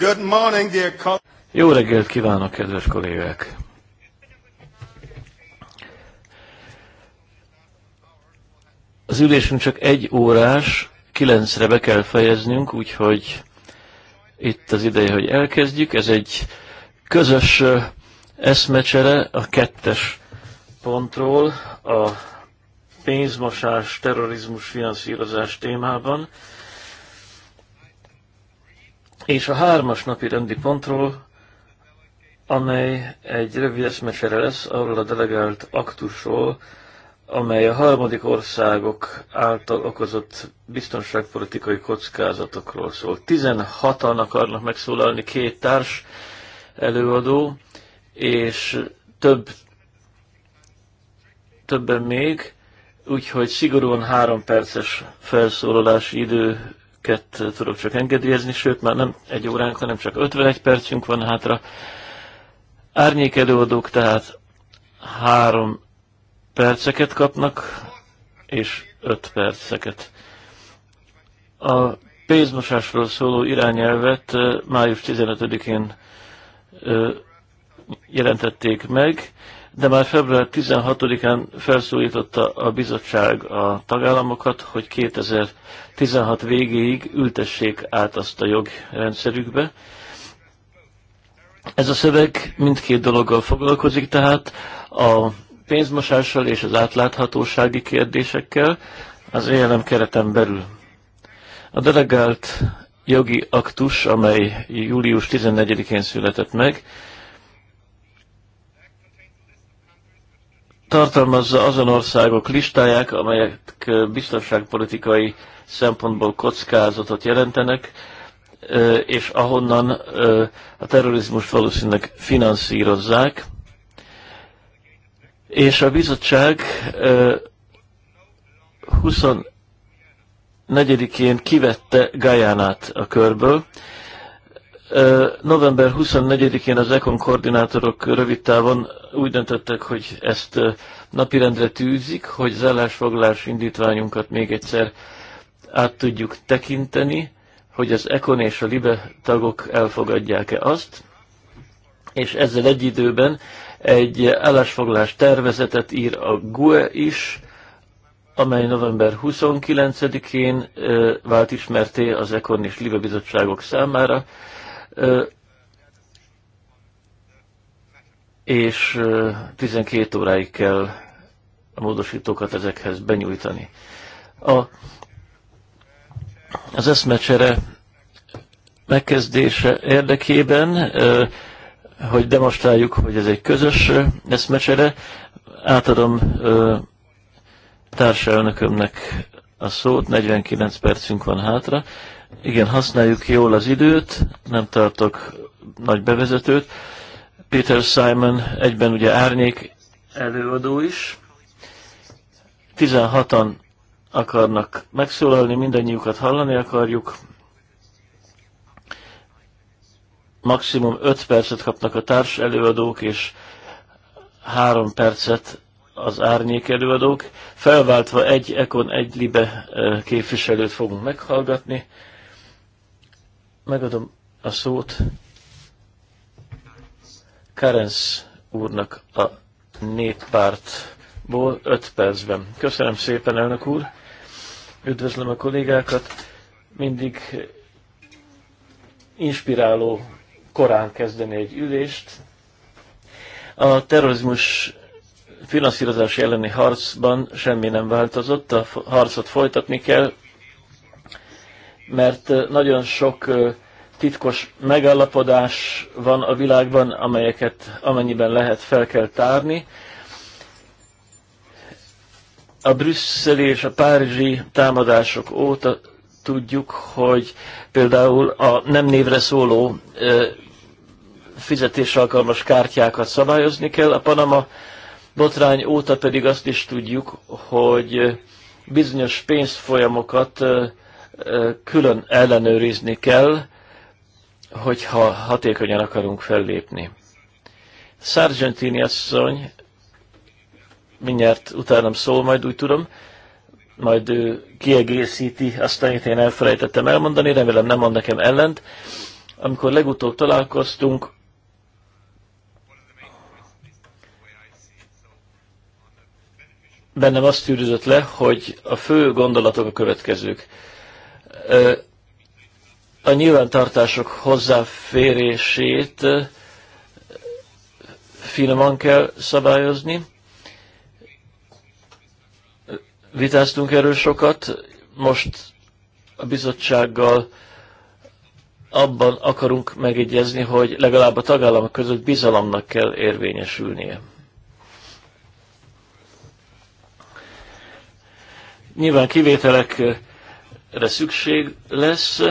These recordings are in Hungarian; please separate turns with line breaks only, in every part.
Good morning, dear
Jó reggelt kívánok, kedves kollégák! Az ülésünk csak egy órás, kilencre be kell fejeznünk, úgyhogy itt az ideje, hogy elkezdjük. Ez egy közös eszmecsere a kettes pontról, a pénzmosás, terrorizmus finanszírozás témában és a hármas napi rendi pontról, amely egy rövid eszmecsere lesz arról a delegált aktusról, amely a harmadik országok által okozott biztonságpolitikai kockázatokról szól. 16-an akarnak megszólalni két társ előadó, és több, többen még, úgyhogy szigorúan három perces felszólalási idő perceket tudok csak engedélyezni, sőt már nem egy óránk, hanem csak 51 percünk van hátra. Árnyék előadók tehát három perceket kapnak, és 5 perceket. A pénzmosásról szóló irányelvet május 15-én jelentették meg de már február 16-án felszólította a bizottság a tagállamokat, hogy 2016 végéig ültessék át azt a jogrendszerükbe. Ez a szöveg mindkét dologgal foglalkozik, tehát a pénzmosással és az átláthatósági kérdésekkel az élem e kereten belül. A delegált jogi aktus, amely július 14-én született meg, tartalmazza azon országok listáját, amelyek biztonságpolitikai szempontból kockázatot jelentenek, és ahonnan a terrorizmust valószínűleg finanszírozzák. És a bizottság 24-én kivette Gajánát a körből, November 24-én az ECON koordinátorok rövid távon úgy döntöttek, hogy ezt napirendre tűzik, hogy az állásfoglalás indítványunkat még egyszer át tudjuk tekinteni, hogy az ECON és a LIBE tagok elfogadják-e azt, és ezzel egy időben egy állásfoglalás tervezetet ír a GUE is, amely november 29-én vált ismerté az ECON és LIBE bizottságok számára, és 12 óráig kell a módosítókat ezekhez benyújtani. A, az eszmecsere megkezdése érdekében, hogy demonstráljuk, hogy ez egy közös eszmecsere, átadom társelnökömnek a szót, 49 percünk van hátra, igen, használjuk jól az időt, nem tartok nagy bevezetőt. Peter Simon egyben ugye árnyék előadó is. 16-an akarnak megszólalni, mindannyiukat hallani akarjuk. Maximum 5 percet kapnak a társ előadók, és 3 percet az árnyék előadók. Felváltva egy Ekon, egy Libe eh, képviselőt fogunk meghallgatni. Megadom a szót Karens úrnak a néppártból 5 percben. Köszönöm szépen, elnök úr! Üdvözlöm a kollégákat! Mindig inspiráló korán kezdeni egy ülést. A terrorizmus finanszírozás elleni harcban semmi nem változott, a harcot folytatni kell, mert nagyon sok titkos megállapodás van a világban, amelyeket amennyiben lehet fel kell tárni. A brüsszeli és a párizsi támadások óta tudjuk, hogy például a nem névre szóló fizetésalkalmas kártyákat szabályozni kell. A Panama botrány óta pedig azt is tudjuk, hogy bizonyos pénzfolyamokat külön ellenőrizni kell, hogyha hatékonyan akarunk fellépni. Sargentini asszony, mindjárt utánam szól, majd úgy tudom, majd ő kiegészíti azt, amit én elfelejtettem elmondani, remélem nem mond nekem ellent. Amikor legutóbb találkoztunk, bennem azt tűrözött le, hogy a fő gondolatok a következők a nyilvántartások hozzáférését finoman kell szabályozni. Vitáztunk erről sokat, most a bizottsággal abban akarunk megegyezni, hogy legalább a tagállamok között bizalomnak kell érvényesülnie. Nyilván kivételek szükség lesz,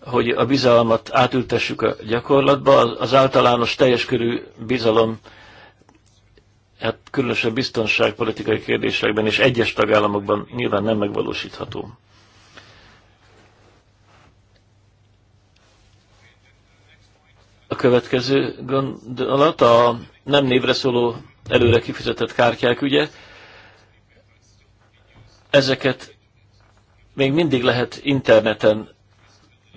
hogy a bizalmat átültessük a gyakorlatba. Az általános teljes körű bizalom, hát különösen biztonságpolitikai kérdésekben és egyes tagállamokban nyilván nem megvalósítható. A következő gondolat a nem névre szóló előre kifizetett kártyák ügye. Ezeket még mindig lehet interneten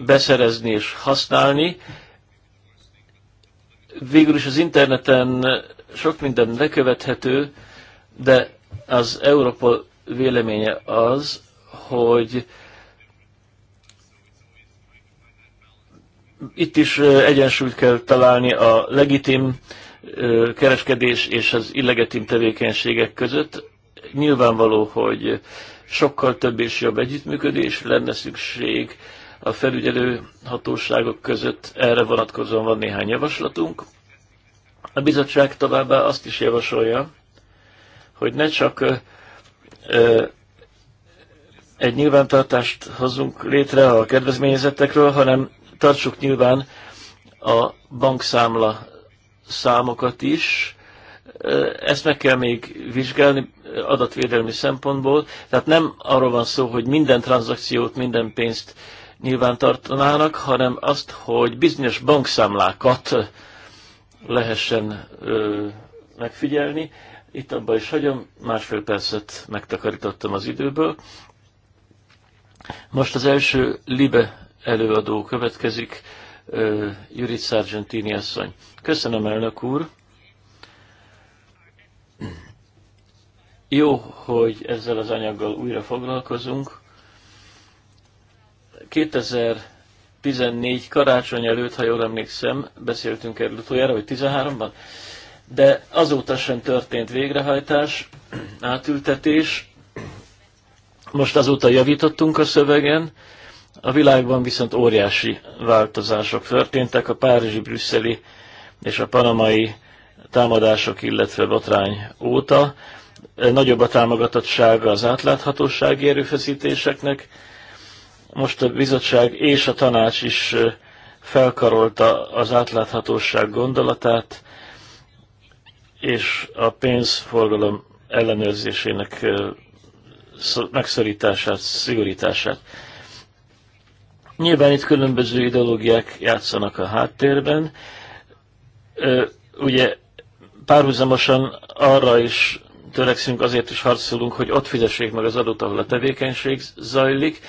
beszerezni és használni. Végül is az interneten sok minden lekövethető, de az Európa véleménye az, hogy itt is egyensúlyt kell találni a legitim kereskedés és az illegitim tevékenységek között. Nyilvánvaló, hogy sokkal több és jobb együttműködés lenne szükség a felügyelő hatóságok között. Erre vonatkozóan van néhány javaslatunk. A bizottság továbbá azt is javasolja, hogy ne csak ö, egy nyilvántartást hozunk létre a kedvezményezetekről, hanem tartsuk nyilván a bankszámla számokat is. Ezt meg kell még vizsgálni, adatvédelmi szempontból. Tehát nem arról van szó, hogy minden tranzakciót, minden pénzt nyilván tartanának, hanem azt, hogy bizonyos bankszámlákat lehessen ö, megfigyelni. Itt abban is hagyom, másfél percet megtakarítottam az időből. Most az első Libe előadó következik, Jurit Sargentini asszony. Köszönöm, elnök úr! Jó, hogy ezzel az anyaggal újra foglalkozunk. 2014 karácsony előtt, ha jól emlékszem, beszéltünk erről utoljára, vagy 13-ban, de azóta sem történt végrehajtás, átültetés. Most azóta javítottunk a szövegen, a világban viszont óriási változások történtek, a párizsi, brüsszeli és a panamai támadások, illetve botrány óta nagyobb a támogatottsága az átláthatósági erőfeszítéseknek. Most a bizottság és a tanács is felkarolta az átláthatóság gondolatát, és a pénzforgalom ellenőrzésének megszorítását, szigorítását. Nyilván itt különböző ideológiák játszanak a háttérben. Ugye párhuzamosan arra is törekszünk, azért is harcolunk, hogy ott fizessék meg az adót, ahol a tevékenység zajlik,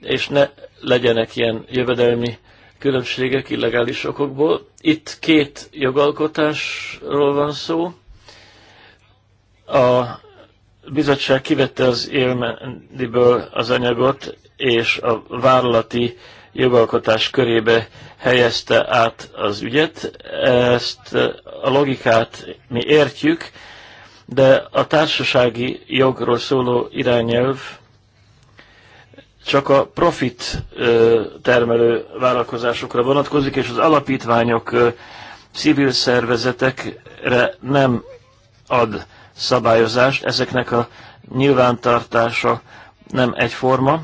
és ne legyenek ilyen jövedelmi különbségek illegális okokból. Itt két jogalkotásról van szó. A bizottság kivette az élmendiből az anyagot, és a vállalati jogalkotás körébe helyezte át az ügyet. Ezt a logikát mi értjük, de a társasági jogról szóló irányelv csak a profit termelő vállalkozásokra vonatkozik, és az alapítványok, civil szervezetekre nem ad szabályozást, ezeknek a nyilvántartása nem egyforma,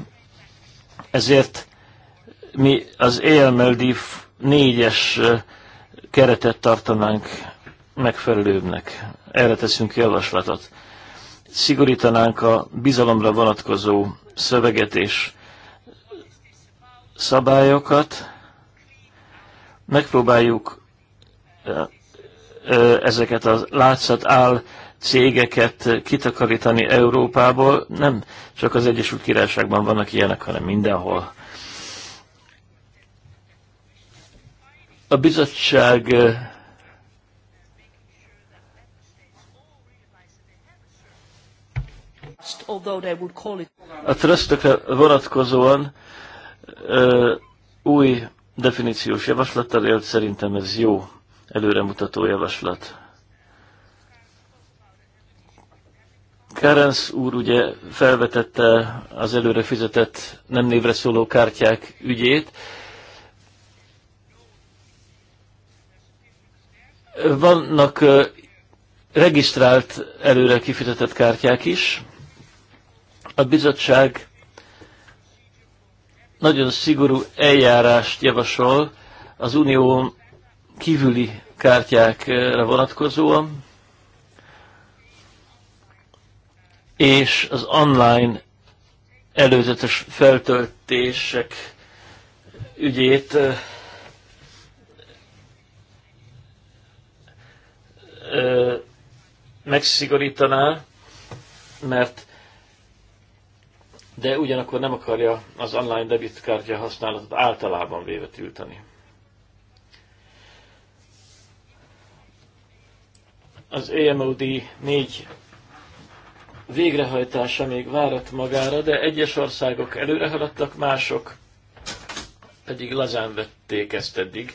ezért mi az DIF 4-es keretet tartanánk megfelelőbbnek erre teszünk javaslatot. Szigorítanánk a bizalomra vonatkozó szöveget és szabályokat, megpróbáljuk ezeket a látszat áll cégeket kitakarítani Európából. Nem csak az Egyesült Királyságban vannak ilyenek, hanem mindenhol. A bizottság A trösztökre vonatkozóan ö, új definíciós javaslattal élt, szerintem ez jó előremutató javaslat. Kárensz úr ugye felvetette az előre fizetett nem névre szóló kártyák ügyét. Vannak regisztrált előre kifizetett kártyák is, a bizottság nagyon szigorú eljárást javasol az unió kívüli kártyákra vonatkozóan, és az online előzetes feltöltések ügyét megszigorítaná, mert de ugyanakkor nem akarja az online debitkártya használatot általában véve tiltani. Az AMOD 4 végrehajtása még várat magára, de egyes országok előre haladtak, mások pedig lazán vették ezt eddig.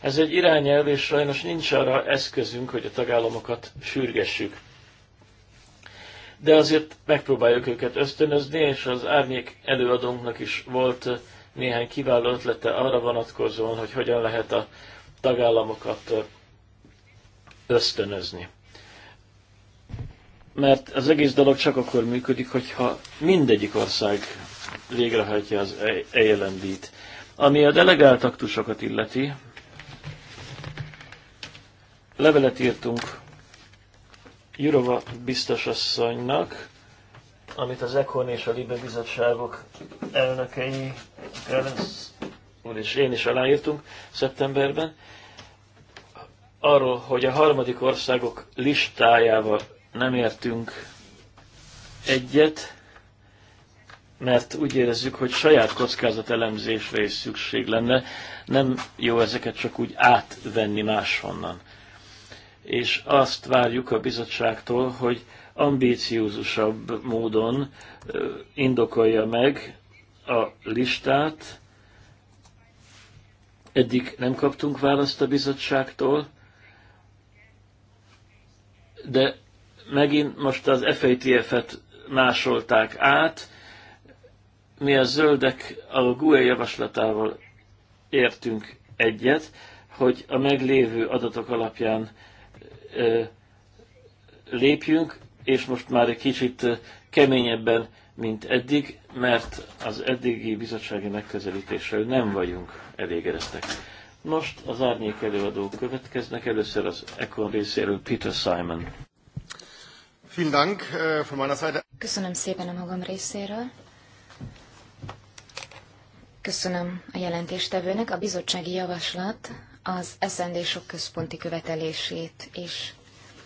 Ez egy irányelv, és sajnos nincs arra eszközünk, hogy a tagállamokat sürgessük de azért megpróbáljuk őket ösztönözni, és az árnyék előadónknak is volt eh, néhány kiváló ötlete arra vonatkozóan, hogy hogyan lehet a tagállamokat eh, ösztönözni. Mert az egész dolog csak akkor működik, hogyha mindegyik ország végrehajtja az ALND-t. E- e Ami a delegált aktusokat illeti, levelet írtunk Jurova biztosasszonynak, amit az Ekon és a Libe bizottságok elnökei, úr és én is aláírtunk szeptemberben, arról, hogy a harmadik országok listájával nem értünk egyet, mert úgy érezzük, hogy saját kockázatelemzésre is szükség lenne. Nem jó ezeket csak úgy átvenni máshonnan és azt várjuk a bizottságtól, hogy ambíciózusabb módon indokolja meg a listát. Eddig nem kaptunk választ a bizottságtól, de megint most az FATF-et másolták át. Mi a zöldek a GUE javaslatával értünk egyet, hogy a meglévő adatok alapján lépjünk, és most már egy kicsit keményebben, mint eddig, mert az eddigi bizottsági megközelítéssel nem vagyunk elégedettek. Most az árnyék előadók következnek, először az Econ részéről Peter Simon. Äh,
Köszönöm szépen a magam részéről. Köszönöm a jelentéstevőnek. A bizottsági javaslat az SZND sok központi követelését is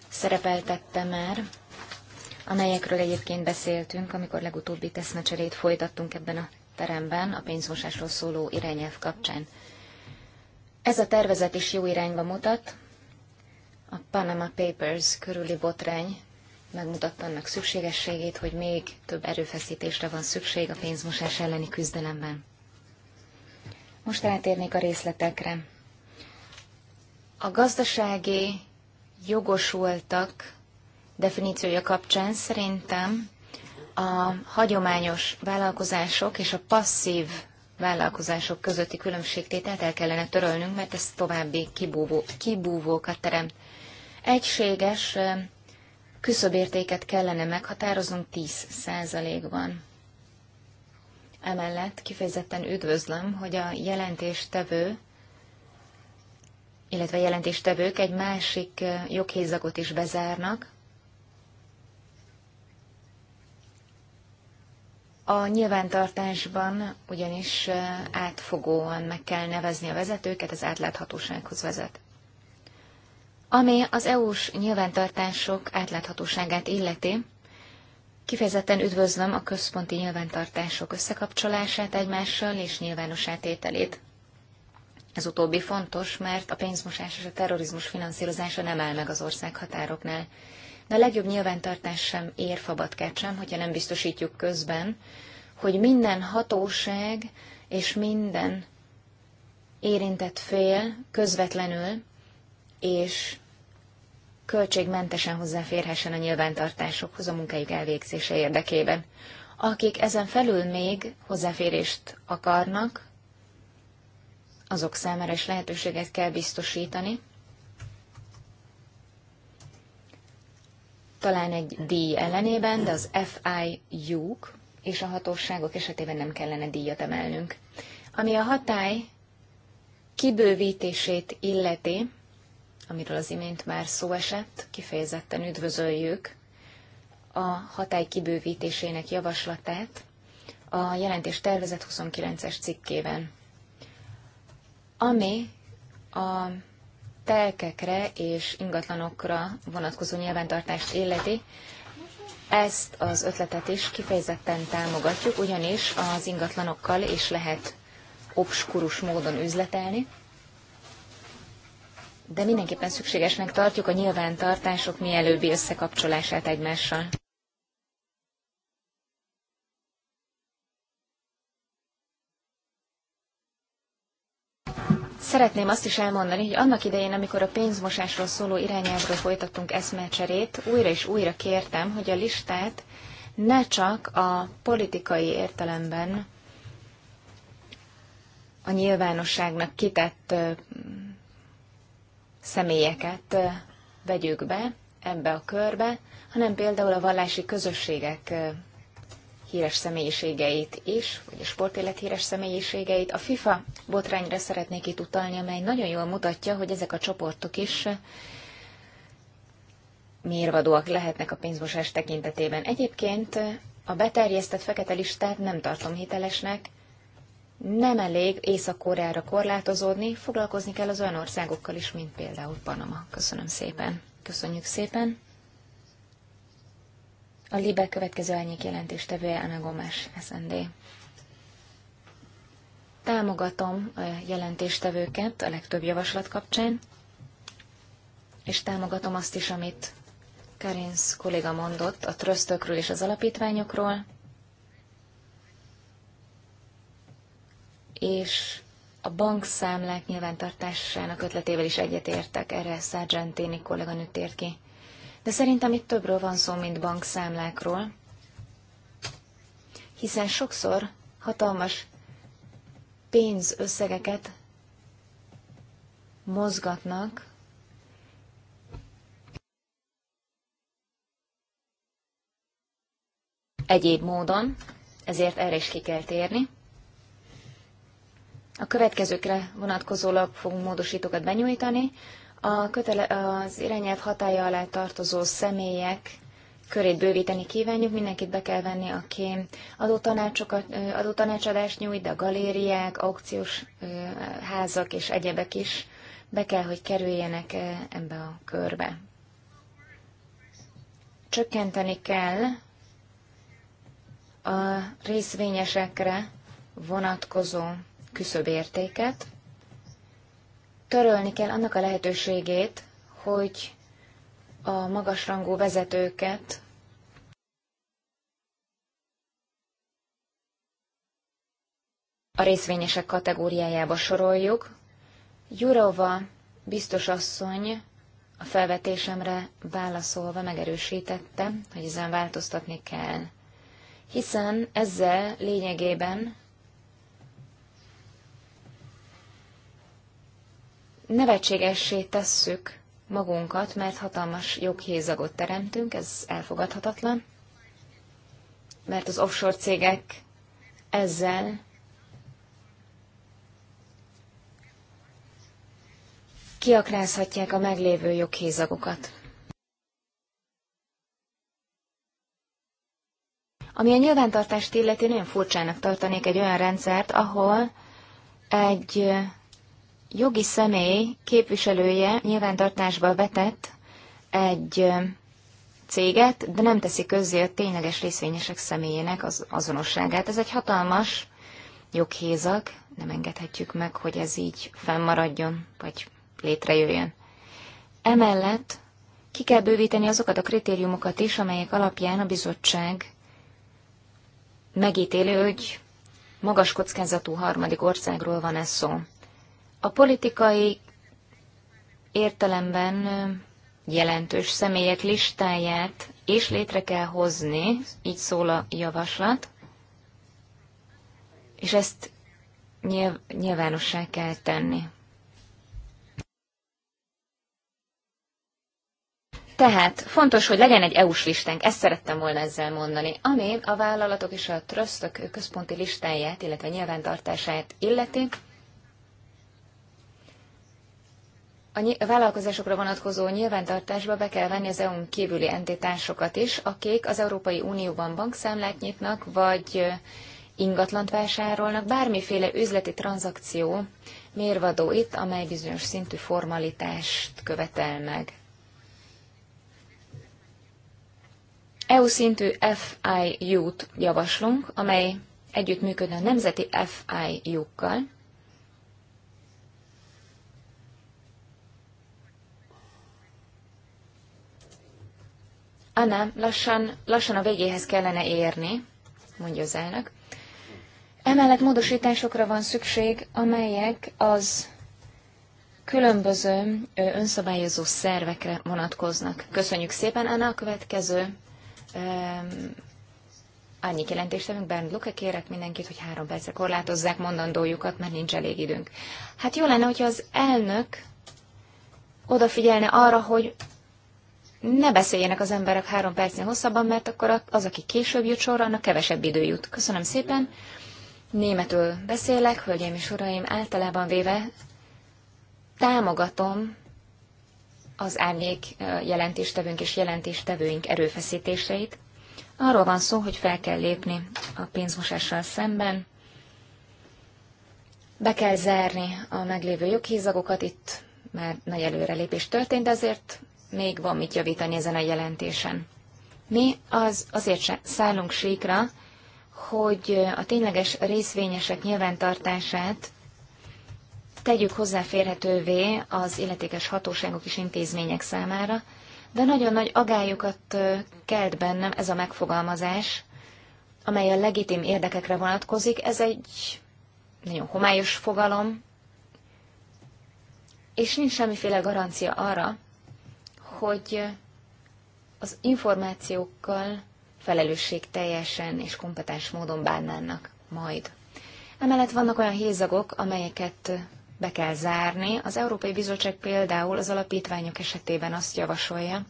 szerepeltette már, amelyekről egyébként beszéltünk, amikor legutóbbi teszmecserét folytattunk ebben a teremben a pénzmosásról szóló irányelv kapcsán. Ez a tervezet is jó irányba mutat. A Panama Papers körüli botrány megmutatta annak szükségességét, hogy még több erőfeszítésre van szükség a pénzmosás elleni küzdelemben. Most rátérnék a részletekre. A gazdasági jogosultak definíciója kapcsán szerintem a hagyományos vállalkozások és a passzív vállalkozások közötti különbségtételt el kellene törölnünk, mert ez további kibúvó, kibúvókat teremt. Egységes küszöbértéket kellene meghatároznunk 10%-ban. Emellett kifejezetten üdvözlöm, hogy a jelentéstevő illetve jelentéstevők egy másik joghézagot is bezárnak. A nyilvántartásban ugyanis átfogóan meg kell nevezni a vezetőket, az átláthatósághoz vezet. Ami az EU-s nyilvántartások átláthatóságát illeti, kifejezetten üdvözlöm a központi nyilvántartások összekapcsolását egymással és nyilvános átételét. Ez utóbbi fontos, mert a pénzmosás és a terrorizmus finanszírozása nem áll meg az ország határoknál. De a legjobb nyilvántartás sem ér fabatkát sem, hogyha nem biztosítjuk közben, hogy minden hatóság és minden érintett fél közvetlenül és költségmentesen hozzáférhessen a nyilvántartásokhoz a munkájuk elvégzése érdekében. Akik ezen felül még hozzáférést akarnak, azok számára is lehetőséget kell biztosítani. Talán egy díj ellenében, de az FIU-k és a hatóságok esetében nem kellene díjat emelnünk. Ami a hatály kibővítését illeti, amiről az imént már szó esett, kifejezetten üdvözöljük a hatály kibővítésének javaslatát a jelentés tervezet 29-es cikkében ami a telkekre és ingatlanokra vonatkozó nyilvántartást illeti, ezt az ötletet is kifejezetten támogatjuk, ugyanis az ingatlanokkal is lehet obskurus módon üzletelni, de mindenképpen szükségesnek tartjuk a nyilvántartások mielőbbi összekapcsolását egymással. Szeretném azt is elmondani, hogy annak idején, amikor a pénzmosásról szóló irányelvről folytattunk eszmecserét, újra és újra kértem, hogy a listát ne csak a politikai értelemben a nyilvánosságnak kitett személyeket vegyük be ebbe a körbe, hanem például a vallási közösségek híres személyiségeit is, vagy a sportélet híres személyiségeit. A FIFA botrányra szeretnék itt utalni, amely nagyon jól mutatja, hogy ezek a csoportok is mérvadóak lehetnek a pénzmosás tekintetében. Egyébként a beterjesztett fekete listát nem tartom hitelesnek, nem elég Észak-Koreára korlátozódni, foglalkozni kell az olyan országokkal is, mint például Panama. Köszönöm szépen. Köszönjük szépen. A Libe következő elnyék jelentéstevője Anna Gomes, SND. Támogatom a jelentéstevőket a legtöbb javaslat kapcsán, és támogatom azt is, amit Karinsz kolléga mondott a trösztökről és az alapítványokról, és a bankszámlák nyilvántartásának ötletével is egyetértek, erre Sargentini kolléganő tért ki. De szerintem itt többről van szó, mint bankszámlákról, hiszen sokszor hatalmas pénzösszegeket mozgatnak, egyéb módon, ezért erre is ki kell térni. A következőkre vonatkozólag fogunk módosítókat benyújtani a kötele, az irányelv hatája alá tartozó személyek körét bővíteni kívánjuk, mindenkit be kell venni, aki adótanácsokat, adótanácsadást nyújt, de a galériák, aukciós házak és egyebek is be kell, hogy kerüljenek ebbe a körbe. Csökkenteni kell a részvényesekre vonatkozó küszöbértéket, törölni kell annak a lehetőségét, hogy a magasrangú vezetőket a részvényesek kategóriájába soroljuk. Jurova biztos asszony a felvetésemre válaszolva megerősítette, hogy ezen változtatni kell. Hiszen ezzel lényegében nevetségessé tesszük magunkat, mert hatalmas joghézagot teremtünk, ez elfogadhatatlan, mert az offshore cégek ezzel kiakrázhatják a meglévő joghézagokat. Ami a nyilvántartást illeti, nagyon furcsának tartanék egy olyan rendszert, ahol egy jogi személy képviselője nyilvántartásba vetett egy céget, de nem teszi közzé a tényleges részvényesek személyének az azonosságát. Ez egy hatalmas joghézak, nem engedhetjük meg, hogy ez így fennmaradjon, vagy létrejöjjön. Emellett ki kell bővíteni azokat a kritériumokat is, amelyek alapján a bizottság megítéli, hogy magas kockázatú harmadik országról van ez szó. A politikai értelemben jelentős személyek listáját is létre kell hozni, így szól a javaslat, és ezt nyilv- nyilvánossá kell tenni. Tehát fontos, hogy legyen egy EU-s listánk, ezt szerettem volna ezzel mondani, ami a vállalatok és a trösztök központi listáját, illetve nyilvántartását illeti. a vállalkozásokra vonatkozó nyilvántartásba be kell venni az EU-n kívüli entitásokat is, akik az Európai Unióban bankszámlát nyitnak, vagy ingatlant vásárolnak, bármiféle üzleti tranzakció mérvadó itt, amely bizonyos szintű formalitást követel meg. EU szintű FIU-t javaslunk, amely együttműködne a nemzeti FIU-kkal, Anna, lassan, lassan a végéhez kellene érni, mondja az elnök. Emellett módosításokra van szükség, amelyek az különböző önszabályozó szervekre vonatkoznak. Köszönjük szépen, Anna, a következő um, árnyék jelentéstevünk Bernd Luke kérek mindenkit, hogy három percre korlátozzák mondandójukat, mert nincs elég időnk. Hát jó lenne, hogyha az elnök odafigyelne arra, hogy ne beszéljenek az emberek három percnél hosszabban, mert akkor az, aki később jut sorra, annak kevesebb idő jut. Köszönöm szépen. Németül beszélek, hölgyeim és uraim, általában véve támogatom az árnyék jelentéstevőnk és jelentéstevőink erőfeszítéseit. Arról van szó, hogy fel kell lépni a pénzmosással szemben, be kell zárni a meglévő joghízagokat, itt már nagy előrelépés történt, de azért még van mit javítani ezen a jelentésen. Mi az azért se szállunk síkra, hogy a tényleges részvényesek nyilvántartását tegyük hozzáférhetővé az illetékes hatóságok és intézmények számára, de nagyon nagy agályokat kelt bennem ez a megfogalmazás, amely a legitim érdekekre vonatkozik. Ez egy nagyon homályos fogalom, és nincs semmiféle garancia arra, hogy az információkkal felelősség teljesen és kompetens módon bánnának majd. Emellett vannak olyan hézagok, amelyeket be kell zárni. Az Európai Bizottság például az alapítványok esetében azt javasolja,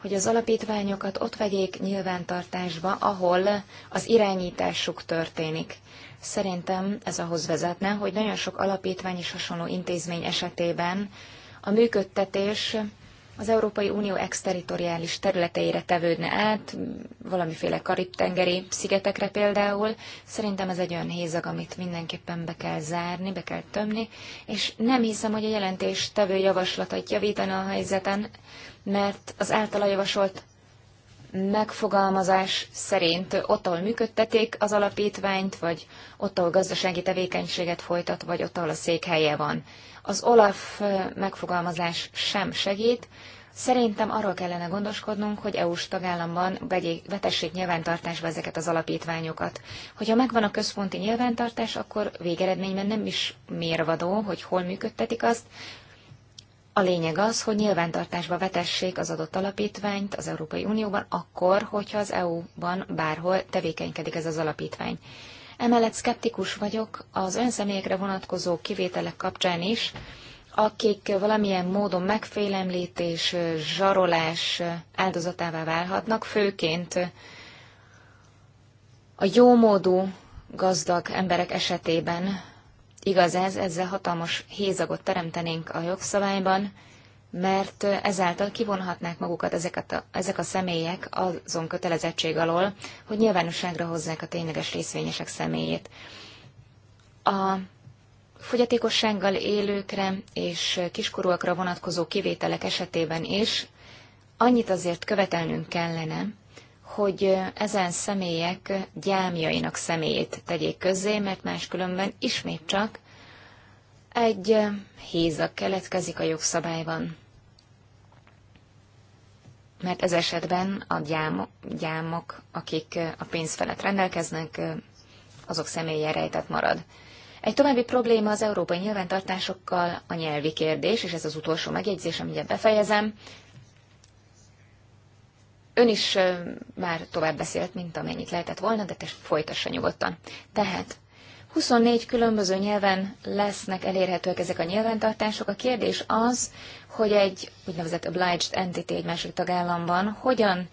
hogy az alapítványokat ott vegyék nyilvántartásba, ahol az irányításuk történik. Szerintem ez ahhoz vezetne, hogy nagyon sok alapítvány és hasonló intézmény esetében a működtetés az Európai Unió exteritoriális területeire tevődne át, valamiféle karib-tengeri szigetekre például. Szerintem ez egy olyan hézag, amit mindenképpen be kell zárni, be kell tömni, és nem hiszem, hogy a jelentés tevő javaslatait javítana a helyzeten, mert az általa javasolt megfogalmazás szerint ott, ahol működtetik az alapítványt, vagy ott, ahol gazdasági tevékenységet folytat, vagy ott, ahol a székhelye van. Az OLAF megfogalmazás sem segít. Szerintem arról kellene gondoskodnunk, hogy EU-s tagállamban vetessék nyilvántartásba ezeket az alapítványokat. Hogyha megvan a központi nyilvántartás, akkor végeredményben nem is mérvadó, hogy hol működtetik azt, a lényeg az, hogy nyilvántartásba vetessék az adott alapítványt az Európai Unióban akkor, hogyha az EU-ban bárhol tevékenykedik ez az alapítvány. Emellett szkeptikus vagyok az önszemélyekre vonatkozó kivételek kapcsán is, akik valamilyen módon megfélemlítés, zsarolás áldozatává válhatnak, főként a jómódú gazdag emberek esetében Igaz ez, ezzel hatalmas hézagot teremtenénk a jogszabályban, mert ezáltal kivonhatnák magukat ezeket a, ezek a személyek azon kötelezettség alól, hogy nyilvánosságra hozzák a tényleges részvényesek személyét. A fogyatékossággal élőkre és kiskorúakra vonatkozó kivételek esetében is annyit azért követelnünk kellene, hogy ezen személyek gyámjainak személyét tegyék közzé, mert máskülönben ismét csak egy hézak keletkezik a jogszabályban. Mert ez esetben a gyámok, gyámok akik a pénz felett rendelkeznek, azok személye rejtett marad. Egy további probléma az európai nyilvántartásokkal a nyelvi kérdés, és ez az utolsó megjegyzés, amit befejezem. Ön is már tovább beszélt, mint amennyit lehetett volna, de te folytassa nyugodtan. Tehát 24 különböző nyelven lesznek elérhetőek ezek a nyelventartások. A kérdés az, hogy egy úgynevezett obliged entity egy másik tagállamban hogyan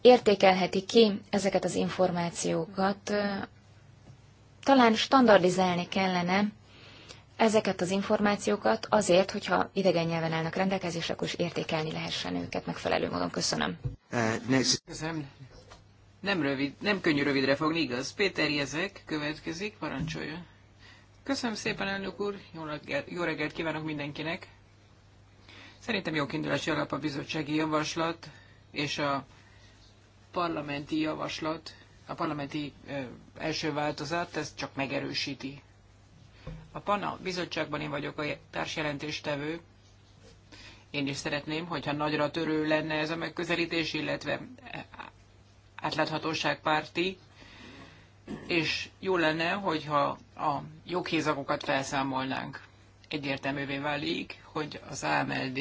értékelheti ki ezeket az információkat. Talán standardizálni kellene ezeket az információkat azért, hogyha idegen nyelven állnak rendelkezésre, akkor is értékelni lehessen őket megfelelő módon. Köszönöm. Eh,
Köszönöm. Nem, rövid, nem könnyű rövidre fogni, igaz? Péter Jezek következik, parancsolja. Köszönöm szépen, elnök úr, jó reggelt, jó reggelt kívánok mindenkinek. Szerintem jó kiindulási alap a bizottsági javaslat és a parlamenti javaslat, a parlamenti ö, eh, első változat, ez csak megerősíti a PANA bizottságban én vagyok a társjelentéstevő. Én is szeretném, hogyha nagyra törő lenne ez a megközelítés, illetve átláthatóságpárti, és jó lenne, hogyha a joghézagokat felszámolnánk. Egyértelművé válik, hogy az AMLD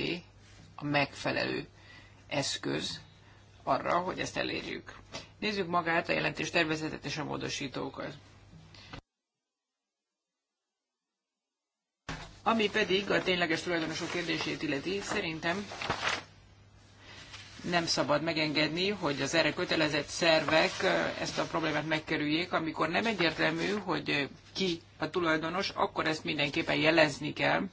a megfelelő eszköz arra, hogy ezt elérjük. Nézzük magát a jelentés tervezetet és a módosítókat. Ami pedig a tényleges tulajdonosok kérdését illeti, szerintem nem szabad megengedni, hogy az erre kötelezett szervek ezt a problémát megkerüljék. Amikor nem egyértelmű, hogy ki a tulajdonos, akkor ezt mindenképpen jelezni kell.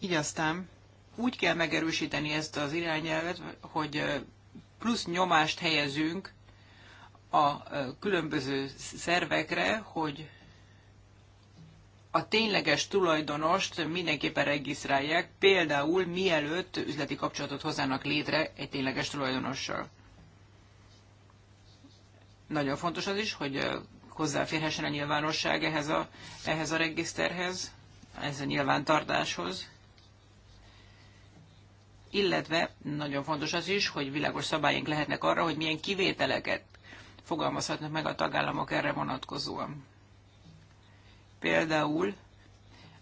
Így aztán úgy kell megerősíteni ezt az irányelvet, hogy plusz nyomást helyezünk a különböző szervekre, hogy a tényleges tulajdonost mindenképpen regisztrálják, például mielőtt üzleti kapcsolatot hozzának létre egy tényleges tulajdonossal. Nagyon fontos az is, hogy hozzáférhessen a nyilvánosság ehhez a, ehhez a regiszterhez, ehhez a nyilvántartáshoz. Illetve nagyon fontos az is, hogy világos szabályink lehetnek arra, hogy milyen kivételeket fogalmazhatnak meg a tagállamok erre vonatkozóan például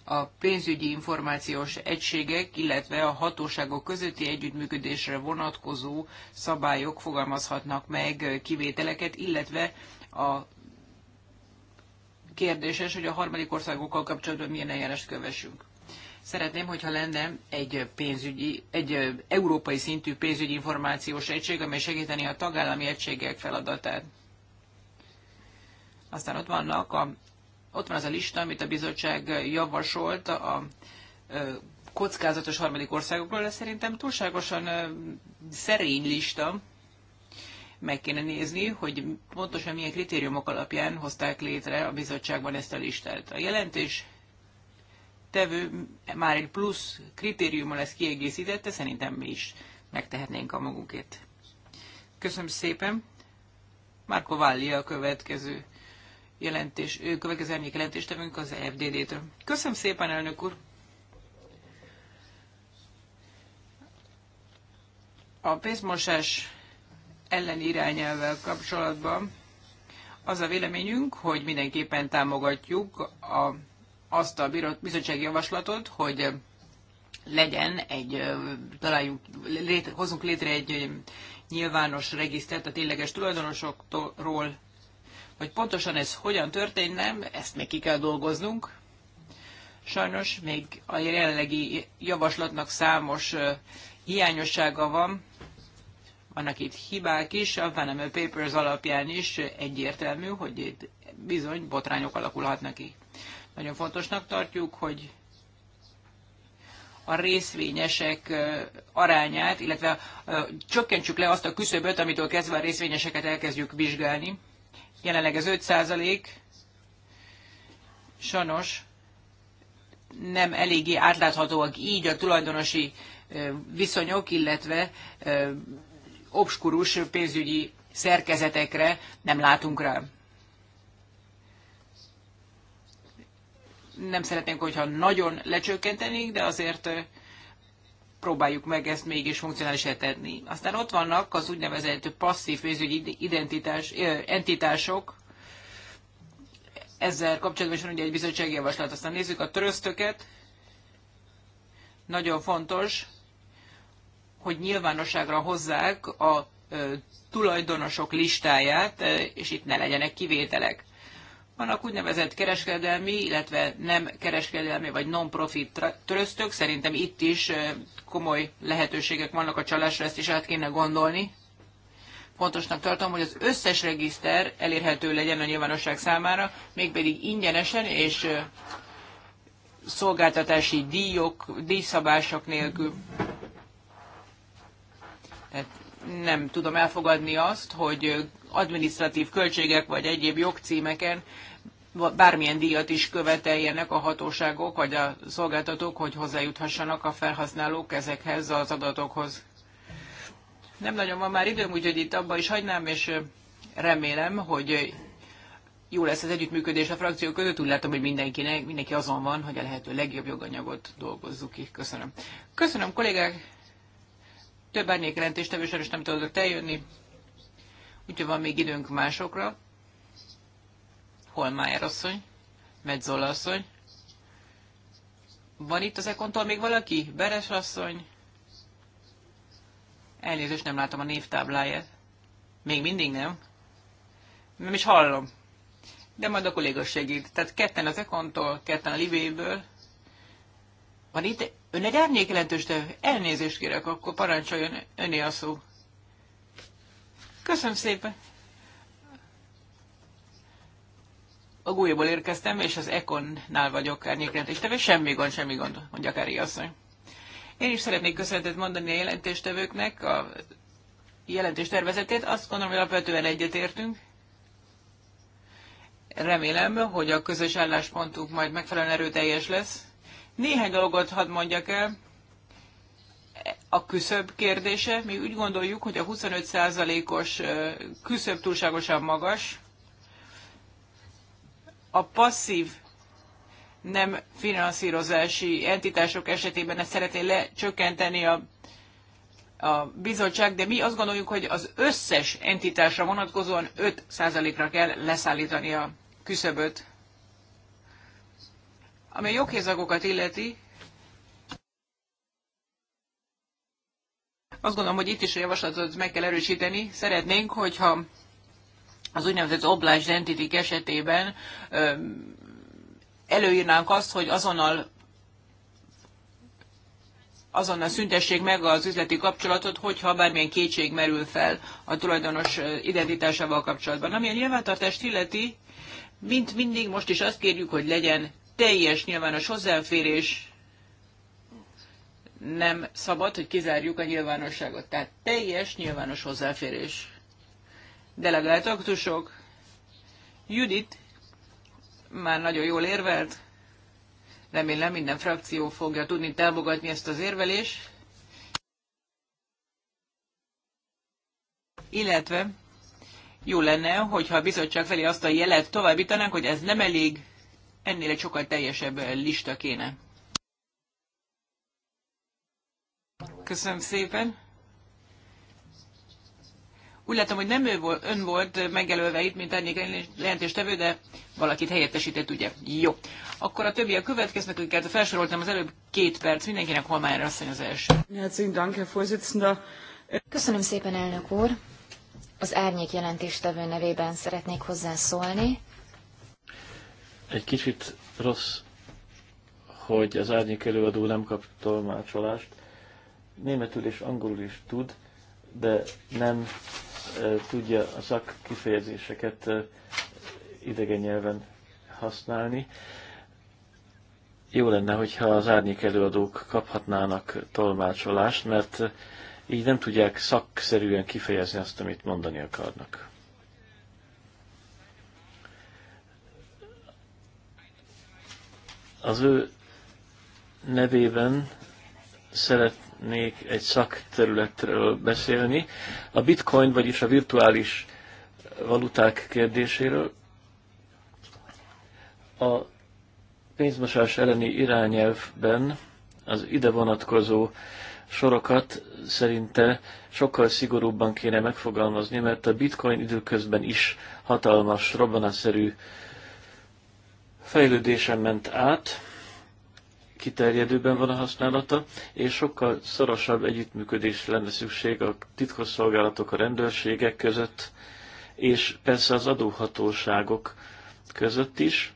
a pénzügyi információs egységek, illetve a hatóságok közötti együttműködésre vonatkozó szabályok fogalmazhatnak meg kivételeket, illetve a kérdéses, hogy a harmadik országokkal kapcsolatban milyen eljárást kövessünk. Szeretném, hogyha lenne egy pénzügyi, egy európai szintű pénzügyi információs egység, amely segíteni a tagállami egységek feladatát. Aztán ott vannak a ott van az a lista, amit a bizottság javasolt a kockázatos harmadik országokról, de szerintem túlságosan szerény lista. Meg kéne nézni, hogy pontosan milyen kritériumok alapján hozták létre a bizottságban ezt a listát. A jelentés tevő már egy plusz kritériummal ezt kiegészítette, szerintem mi is megtehetnénk a magunkét. Köszönöm szépen. Márko Vállia a következő jelentés, következő árnyék tevünk az FDD-től. Köszönöm szépen, elnök úr! A pénzmosás ellen irányelvvel kapcsolatban az a véleményünk, hogy mindenképpen támogatjuk a, azt a bizottsági javaslatot, hogy legyen egy, találjuk, lét, hozunk létre egy nyilvános regisztert a tényleges tulajdonosokról hogy pontosan ez hogyan történne, ezt még ki kell dolgoznunk. Sajnos még a jelenlegi javaslatnak számos hiányossága van, vannak itt hibák is, a Panama Papers alapján is egyértelmű, hogy itt bizony botrányok alakulhatnak ki. Nagyon fontosnak tartjuk, hogy a részvényesek arányát, illetve csökkentsük le azt a küszöböt, amitől kezdve a részvényeseket elkezdjük vizsgálni jelenleg ez 5 százalék, sajnos nem eléggé átláthatóak így a tulajdonosi viszonyok, illetve obskurus pénzügyi szerkezetekre nem látunk rá. Nem szeretnénk, hogyha nagyon lecsökkentenék, de azért próbáljuk meg ezt mégis funkcionálisá tenni. Aztán ott vannak az úgynevezett passzív pénzügyi identitás, entitások, ezzel kapcsolatban is van ugye egy bizottsági javaslat. Aztán nézzük a trösztöket. Nagyon fontos, hogy nyilvánosságra hozzák a tulajdonosok listáját, és itt ne legyenek kivételek. Vannak úgynevezett kereskedelmi, illetve nem kereskedelmi vagy non-profit trösztök. Szerintem itt is komoly lehetőségek vannak a csalásra, ezt is át kéne gondolni. Fontosnak tartom, hogy az összes regiszter elérhető legyen a nyilvánosság számára, mégpedig ingyenesen és szolgáltatási díjok, díjszabások nélkül. Tehát nem tudom elfogadni azt, hogy administratív költségek vagy egyéb jogcímeken bármilyen díjat is követeljenek a hatóságok vagy a szolgáltatók, hogy hozzájuthassanak a felhasználók ezekhez az adatokhoz. Nem nagyon van már időm, úgyhogy itt abba is hagynám, és remélem, hogy jó lesz az együttműködés a frakciók között. Úgy látom, hogy mindenkinek, mindenki azon van, hogy a lehető legjobb joganyagot dolgozzuk ki. Köszönöm. Köszönöm, kollégák! Több árnyékjelentéstevő sajnos nem tudott eljönni úgyhogy van még időnk másokra. Holmájer asszony, Medzola asszony. Van itt az Ekontól még valaki? Beres asszony? Elnézést, nem látom a névtábláját. Még mindig nem? Nem is hallom. De majd a kolléga segít. Tehát ketten az Ekontól, ketten a Libéből. Van itt? Ön egy árnyék jelentős, de elnézést kérek, akkor parancsoljon öné a szó. Köszönöm szépen! A gújból érkeztem, és az Econnál vagyok árnyékrendtéstevő. Semmi gond, semmi gond, mondja Kári asszony. Én is szeretnék köszönetet mondani a jelentéstevőknek a jelentés tervezetét. Azt gondolom, hogy alapvetően egyetértünk. Remélem, hogy a közös álláspontunk majd megfelelően erőteljes lesz. Néhány dolgot hadd mondjak el a küszöb kérdése. Mi úgy gondoljuk, hogy a 25%-os küszöb túlságosan magas. A passzív nem finanszírozási entitások esetében ezt szeretné lecsökkenteni a, a bizottság, de mi azt gondoljuk, hogy az összes entitásra vonatkozóan 5%-ra kell leszállítani a küszöböt. Ami a joghézagokat illeti, Azt gondolom, hogy itt is a javaslatot meg kell erősíteni. Szeretnénk, hogyha az úgynevezett oblige identitik esetében előírnánk azt, hogy azonnal azonnal szüntessék meg az üzleti kapcsolatot, hogyha bármilyen kétség merül fel a tulajdonos identitásával kapcsolatban. Ami a nyilvántartást illeti, mint mindig most is azt kérjük, hogy legyen teljes nyilvános hozzáférés nem szabad, hogy kizárjuk a nyilvánosságot. Tehát teljes nyilvános hozzáférés. Delegált aktusok. Judit már nagyon jól érvelt. Remélem minden frakció fogja tudni támogatni ezt az érvelést. Illetve jó lenne, hogyha a bizottság felé azt a jelet továbbítanánk, hogy ez nem elég, ennél egy sokkal teljesebb lista kéne. Köszönöm szépen. Úgy látom, hogy nem ő volt, ön volt megjelölve itt, mint ennyi jelentéstevő, de valakit helyettesített, ugye? Jó. Akkor a többiek következnek, akiket felsoroltam az előbb két perc. Mindenkinek Holmájer asszony az első. Köszönöm
szépen, elnök úr. Az árnyék jelentéstevő nevében szeretnék hozzászólni.
Egy kicsit rossz, hogy az árnyék előadó nem kap tolmácsolást németül és angolul is tud, de nem tudja a szakkifejezéseket idegen nyelven használni. Jó lenne, hogyha az árnyék előadók kaphatnának tolmácsolást, mert így nem tudják szakszerűen kifejezni azt, amit mondani akarnak. Az ő nevében szeret, szeretnék egy szakterületről beszélni, a bitcoin, vagyis a virtuális valuták kérdéséről. A pénzmosás elleni irányelvben az ide vonatkozó sorokat szerinte sokkal szigorúbban kéne megfogalmazni, mert a bitcoin időközben is hatalmas, robbanásszerű fejlődésen ment át, kiterjedőben van a használata, és sokkal szorosabb együttműködés lenne szükség a titkosszolgálatok, a rendőrségek között, és persze az adóhatóságok között is,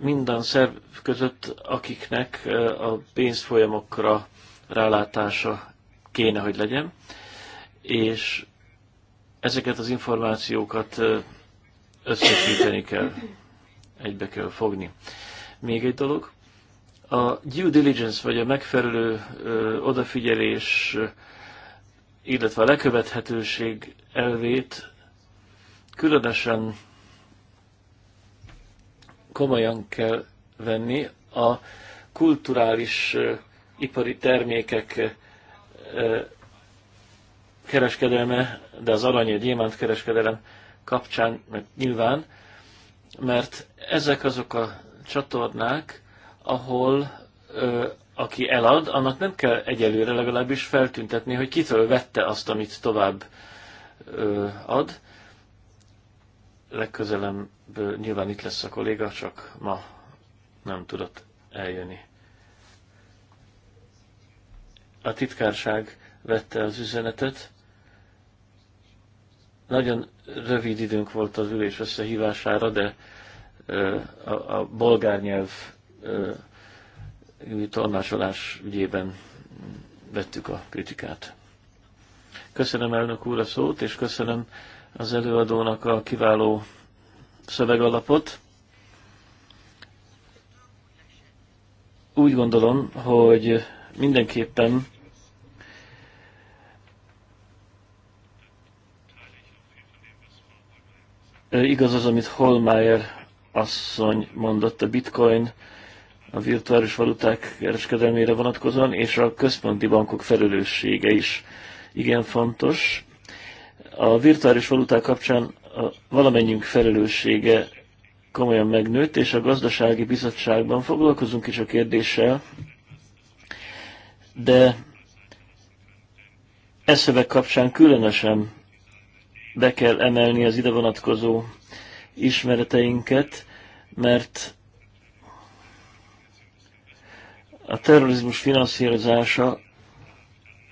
minden szerv között, akiknek a pénzfolyamokra rálátása kéne, hogy legyen, és ezeket az információkat összesíteni kell, egybe kell fogni. Még egy dolog, a due diligence, vagy a megfelelő ö, odafigyelés, illetve a lekövethetőség elvét különösen komolyan kell venni a kulturális ö, ipari termékek ö, kereskedelme, de az arany és gyémánt kereskedelem kapcsán, meg nyilván, mert ezek azok a csatornák, ahol ö, aki elad, annak nem kell egyelőre legalábbis feltüntetni, hogy kitől vette azt, amit tovább ö, ad. Legközelebb ö, nyilván itt lesz a kolléga, csak ma nem tudott eljönni. A titkárság vette az üzenetet. Nagyon rövid időnk volt az ülés összehívására, de a, a bolgár nyelv tanácsolás ügyében vettük a kritikát. Köszönöm elnök úr a szót, és köszönöm az előadónak a kiváló szövegalapot. Úgy gondolom, hogy mindenképpen igaz az, amit Holmeier asszony mondott a bitcoin a virtuális valuták kereskedelmére vonatkozóan, és a központi bankok felelőssége is igen fontos. A virtuális valuták kapcsán a valamennyünk felelőssége komolyan megnőtt, és a gazdasági bizottságban foglalkozunk is a kérdéssel, de e szöveg kapcsán különösen be kell emelni az ide vonatkozó ismereteinket, mert a terrorizmus finanszírozása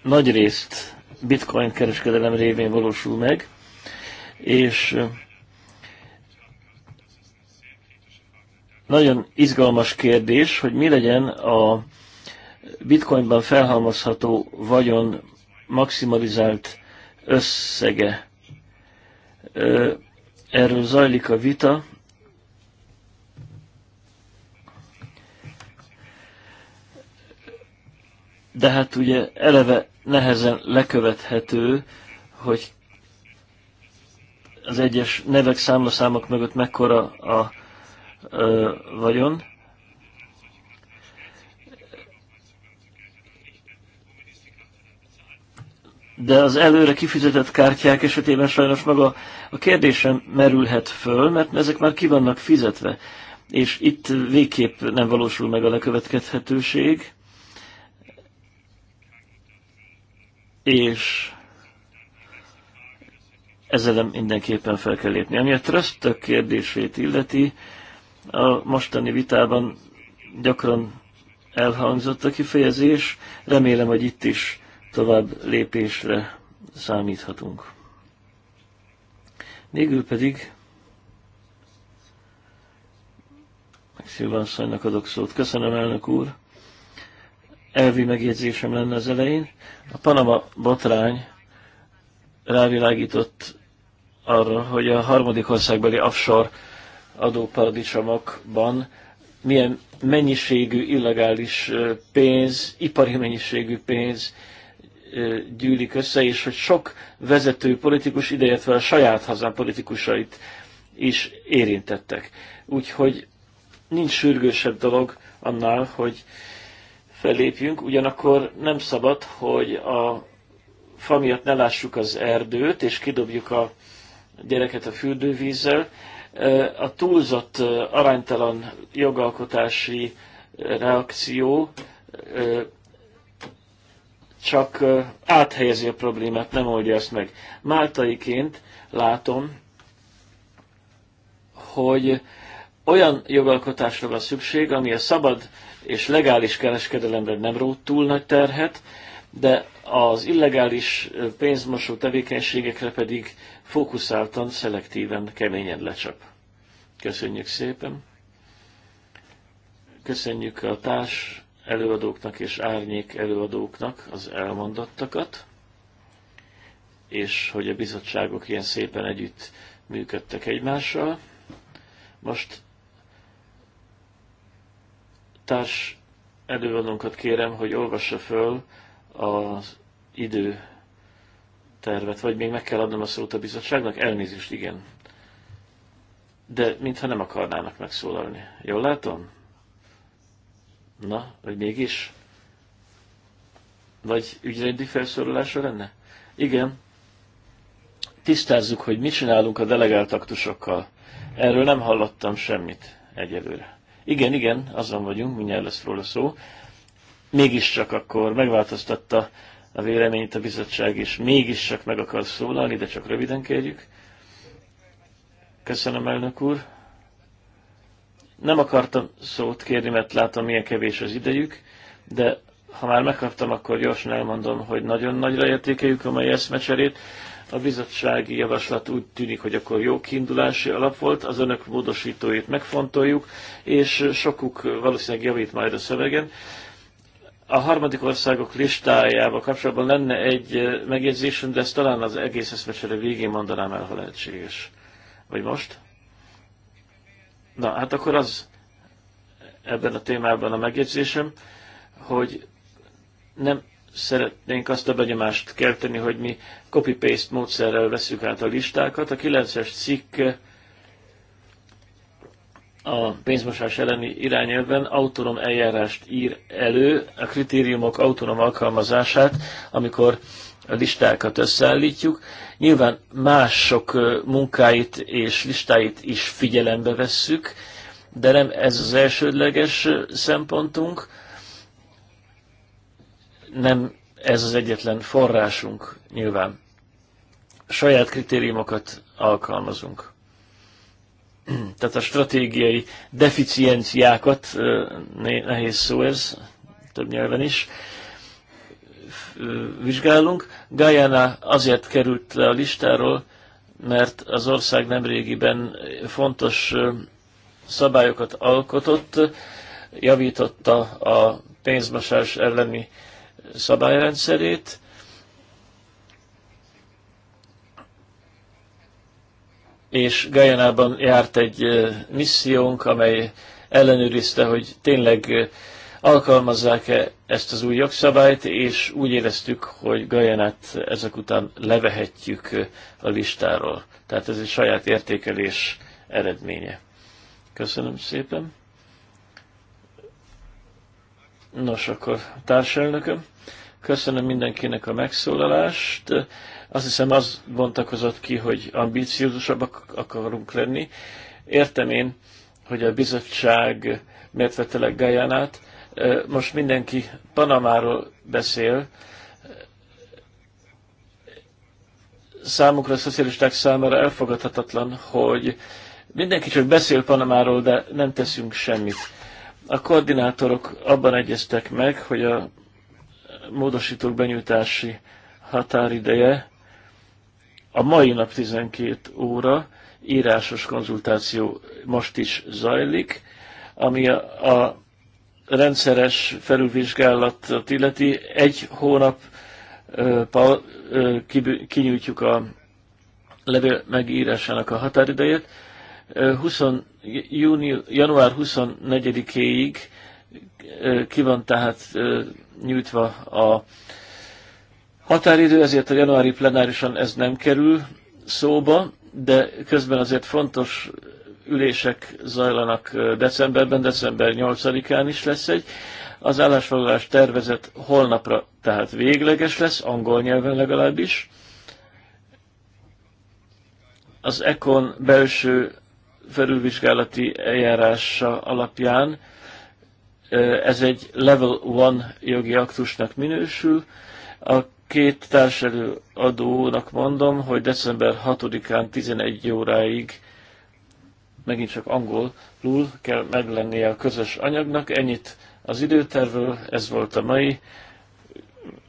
nagy részt bitcoin kereskedelem révén valósul meg, és nagyon izgalmas kérdés, hogy mi legyen a bitcoinban felhalmozható vagyon maximalizált összege. Erről zajlik a vita, de hát ugye eleve nehezen lekövethető, hogy az egyes nevek, számok mögött mekkora a ö, vagyon. De az előre kifizetett kártyák esetében sajnos maga a kérdésem merülhet föl, mert ezek már ki vannak fizetve. És itt végképp nem valósul meg a lekövetkedhetőség. és ezzel mindenképpen fel kell lépni. Ami a trösztök kérdését illeti, a mostani vitában gyakran elhangzott a kifejezés, remélem, hogy itt is tovább lépésre számíthatunk. Végül pedig Szilvánszajnak adok szót. Köszönöm, elnök úr! elvi megjegyzésem lenne az elején. A Panama botrány rávilágított arra, hogy a harmadik országbeli offshore adóparadicsomokban milyen mennyiségű illegális pénz, ipari mennyiségű pénz gyűlik össze, és hogy sok vezető politikus, ideértve a saját hazán politikusait is érintettek. Úgyhogy nincs sürgősebb dolog annál, hogy fellépjünk, ugyanakkor nem szabad, hogy a fa miatt ne lássuk az erdőt, és kidobjuk a gyereket a fürdővízzel. A túlzott, aránytalan jogalkotási reakció csak áthelyezi a problémát, nem oldja ezt meg. Máltaiként látom, hogy olyan jogalkotásra van szükség, ami a szabad és legális kereskedelemre nem rót túl nagy terhet, de az illegális pénzmosó tevékenységekre pedig fókuszáltan, szelektíven, keményen lecsap. Köszönjük szépen! Köszönjük a társ előadóknak és árnyék előadóknak az elmondottakat, és hogy a bizottságok ilyen szépen együtt működtek egymással. Most társ előadónkat kérem, hogy olvassa föl az idő tervet, vagy még meg kell adnom a szót a bizottságnak? Elnézést, igen. De mintha nem akarnának megszólalni. Jól látom? Na, vagy mégis? Vagy ügyrendi felszólalásra lenne? Igen. Tisztázzuk, hogy mit csinálunk a delegált aktusokkal. Erről nem hallottam semmit egyelőre. Igen, igen, azon vagyunk, mindjárt lesz róla szó. Mégiscsak akkor megváltoztatta a véleményt a bizottság, és mégiscsak meg akar szólalni, de csak röviden kérjük. Köszönöm, elnök úr. Nem akartam szót kérni, mert látom, milyen kevés az idejük, de ha már megkaptam, akkor gyorsan elmondom, hogy nagyon nagyra értékeljük a mai eszmecserét. A bizottsági javaslat úgy tűnik, hogy akkor jó kiindulási alap volt, az önök módosítóit megfontoljuk, és sokuk valószínűleg javít majd a szövegen. A harmadik országok listájával kapcsolatban lenne egy eh, megjegyzésünk, de ezt talán az egész eszmecsere végén mondanám el, ha lehetséges. Vagy most? Na, hát akkor az ebben a témában a megjegyzésem, hogy nem szeretnénk azt a benyomást kelteni, hogy mi copy-paste módszerrel veszük át a listákat. A 9-es cikk a pénzmosás elleni irányelven autonóm eljárást ír elő, a kritériumok autonóm alkalmazását, amikor a listákat összeállítjuk. Nyilván mások munkáit és listáit is figyelembe vesszük, de nem ez az elsődleges szempontunk, nem ez az egyetlen forrásunk nyilván. Saját kritériumokat alkalmazunk. Tehát a stratégiai deficienciákat, nehéz szó ez, több nyelven is, vizsgálunk. Guyana azért került le a listáról, mert az ország nemrégiben fontos szabályokat alkotott, javította a pénzmosás elleni szabályrendszerét, és Gajanában járt egy missziónk, amely ellenőrizte, hogy tényleg alkalmazzák-e ezt az új jogszabályt, és úgy éreztük, hogy Gajanát ezek után levehetjük a listáról. Tehát ez egy saját értékelés eredménye. Köszönöm szépen. Nos, akkor társelnököm. Köszönöm mindenkinek a megszólalást. Azt hiszem az bontakozott ki, hogy ambíciózusabbak akarunk lenni. Értem én, hogy a bizottság miért vette le Gajánát. Most mindenki Panamáról beszél. Számukra, a szocialisták számára elfogadhatatlan, hogy mindenki csak beszél Panamáról, de nem teszünk semmit. A koordinátorok abban egyeztek meg, hogy a módosítók benyújtási határideje a mai nap 12 óra, írásos konzultáció most is zajlik, ami a, a rendszeres felülvizsgálatot illeti. Egy hónap ö, pa, ö, kinyújtjuk a levél megírásának a határidejét. 20, júni, január 24-éig ki van tehát nyújtva a határidő, ezért a januári plenárisan ez nem kerül szóba, de közben azért fontos ülések zajlanak decemberben, december 8-án is lesz egy. Az állásfoglalás tervezet holnapra tehát végleges lesz, angol nyelven legalábbis. Az ECON belső felülvizsgálati eljárása alapján ez egy level one jogi aktusnak minősül. A két társadalmi adónak mondom, hogy december 6-án 11 óráig megint csak angolul kell meglennie a közös anyagnak. Ennyit az időtervről, ez volt a mai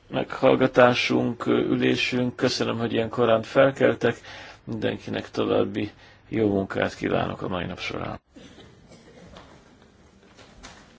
meghallgatásunk, ülésünk. Köszönöm, hogy ilyen korán felkeltek. Mindenkinek további jó munkát kívánok a mai nap során.